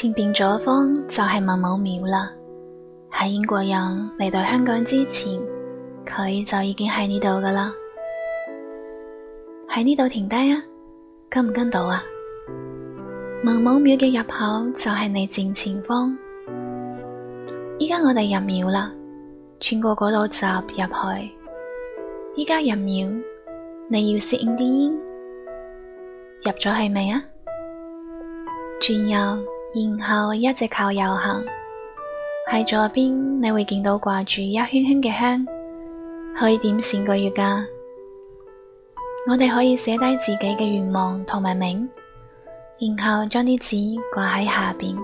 前邊左方就係文武廟啦。喺英國人嚟到香港之前，佢就已經喺呢度噶啦。喺呢度停低啊，跟唔跟到啊？文武廟嘅入口就係你正前,前方。依家我哋入廟啦，穿過嗰道閘入去。依家入廟，你要適應啲煙。入咗去未啊？轉右。然後一直靠右行，喺左邊你會見到掛住一圈圈嘅香，可以點成個月噶、啊。我哋可以寫低自己嘅願望同埋名，然後將啲紙掛喺下邊。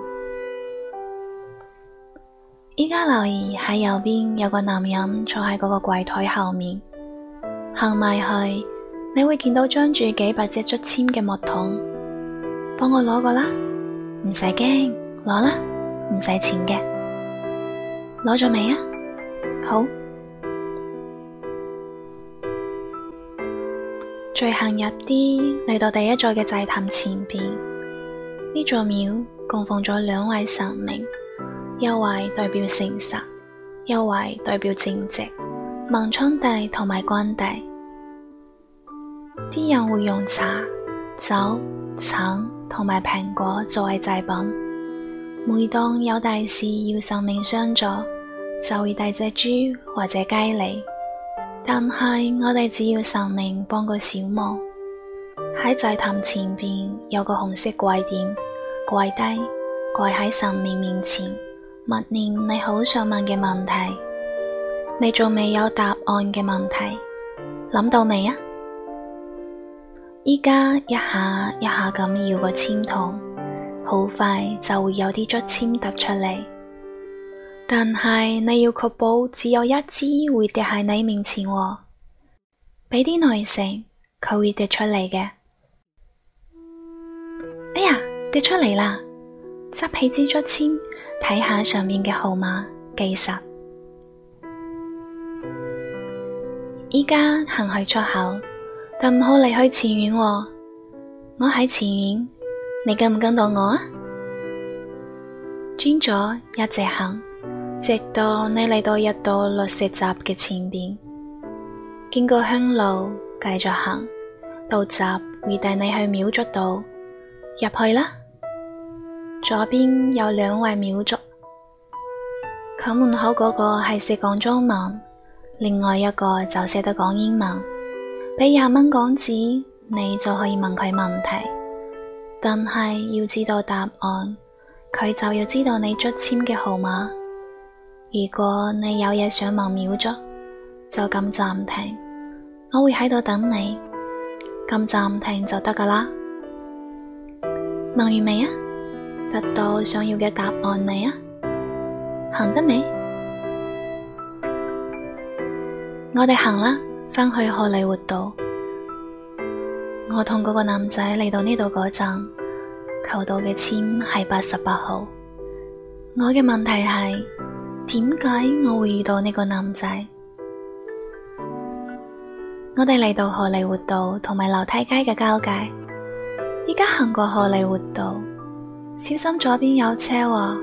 依家留意喺右邊有個男人坐喺嗰個櫃台後面，行埋去你會見到裝住幾百隻竹籤嘅木桶，幫我攞個啦。唔使驚，攞啦，唔使錢嘅。攞咗未啊？好。再行入啲，嚟到第一座嘅祭壇前邊，呢座廟供奉咗兩位神明，一位代表誠實，一位代表正直。文昌帝同埋關帝，啲人會用茶酒。橙同埋蘋果作為祭品，每當有大事要神明相助，就會帶隻豬或者雞嚟。但係我哋只要神明幫個小忙。喺祭壇前邊有個紅色跪墊，跪低跪喺神明面，面前，默念你好想問嘅問題，你仲未有答案嘅問題，諗到未啊？依家一下一下咁搖個簽筒，好快就會有啲竹籤突出嚟。但係你要確保只有一支會跌喺你面前喔，俾啲耐性，佢會跌出嚟嘅。哎呀，跌出嚟啦！執起支竹籤，睇下上面嘅號碼，記實。依家行去出口。但唔好離開前院喔，我喺前院，你跟唔跟到我啊？轉左，一直行，直到你嚟到一道綠色閘嘅前邊，經過香爐，繼續行，道閘會帶你去廟祝度。入去啦。左邊有兩位廟祝，靠門口嗰個係識講中文，另外一個就識得講英文。俾廿蚊港紙，你就可以問佢問題，但係要知道答案，佢就要知道你竹籤嘅號碼。如果你有嘢想問廟祝，就撳暫停，我會喺度等你，撳暫停就得噶啦。問完未啊？得到想要嘅答案未啊？行得未？我哋行啦。返去荷里活道，我同嗰個男仔嚟到呢度嗰陣，求到嘅籤係八十八號。我嘅問題係，點解我會遇到呢個男仔？我哋嚟到荷里活道同埋樓梯街嘅交界，而家行過荷里活道，小心左邊有車喔。